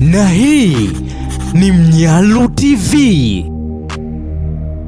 Na hii ni Mnyalu TV.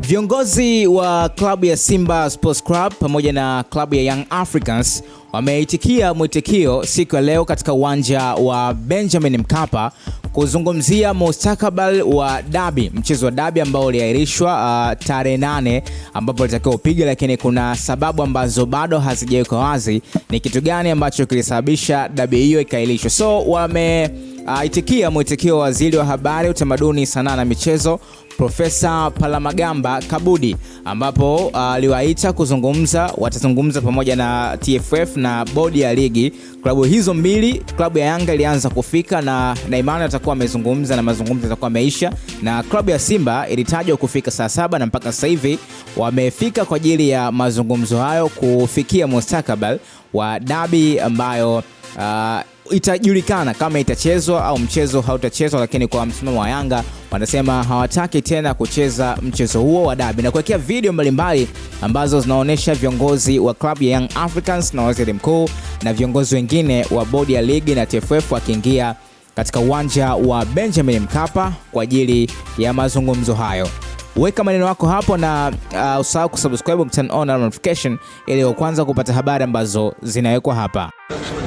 Viongozi wa klabu ya Simba Sports Club pamoja na klabu ya Young Africans wameitikia mwitikio siku ya leo katika uwanja wa Benjamin Mkapa kuzungumzia mustakabali wa dabi, mchezo wa dabi ambao uliahirishwa uh, tarehe nane ambapo ulitakiwa upige, lakini kuna sababu ambazo bado hazijawekwa wazi ni kitu gani ambacho kilisababisha dabi hiyo ikaahirishwa. So wame Aitikia ah, mwitikio wa waziri wa habari, utamaduni, sanaa na michezo Profesa Palamagamba Kabudi ambapo ah, aliwaita kuzungumza. Watazungumza pamoja na TFF na bodi ya ligi klabu hizo mbili. Klabu ya Yanga ilianza kufika na na imani atakuwa amezungumza na mazungumzo yatakuwa ameisha, na klabu ya Simba ilitajwa kufika saa saba na mpaka sasa hivi wamefika kwa ajili ya mazungumzo hayo kufikia mustakabali wa dabi ambayo uh, itajulikana kama itachezwa au mchezo hautachezwa, lakini kwa msimamo wa Yanga wanasema hawataki tena kucheza mchezo huo wa dabi na kuwekea video mbalimbali ambazo zinaonyesha viongozi wa klabu ya Young Africans na waziri mkuu na viongozi wengine wa bodi ya ligi na TFF wakiingia katika uwanja wa Benjamin Mkapa kwa ajili ya mazungumzo hayo weka maneno yako hapo na uh, usahau kusubscribe turn on notification ili kwanza kupata habari ambazo zinawekwa hapa.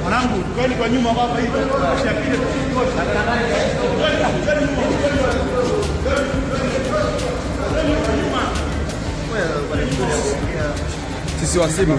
Mwanangu, kweni kwa nyuma Sisi wasimu.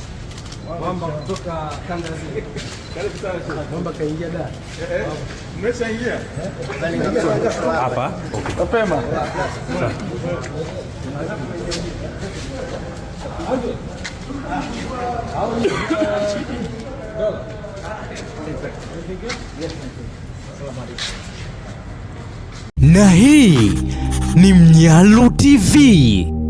Mwamba kutoka kanda zile. Karibu sana. Mwamba kaingia da. Eh. Mmeshaingia? Eh. Hapa. Mapema. Na hii ni Mnyalu TV.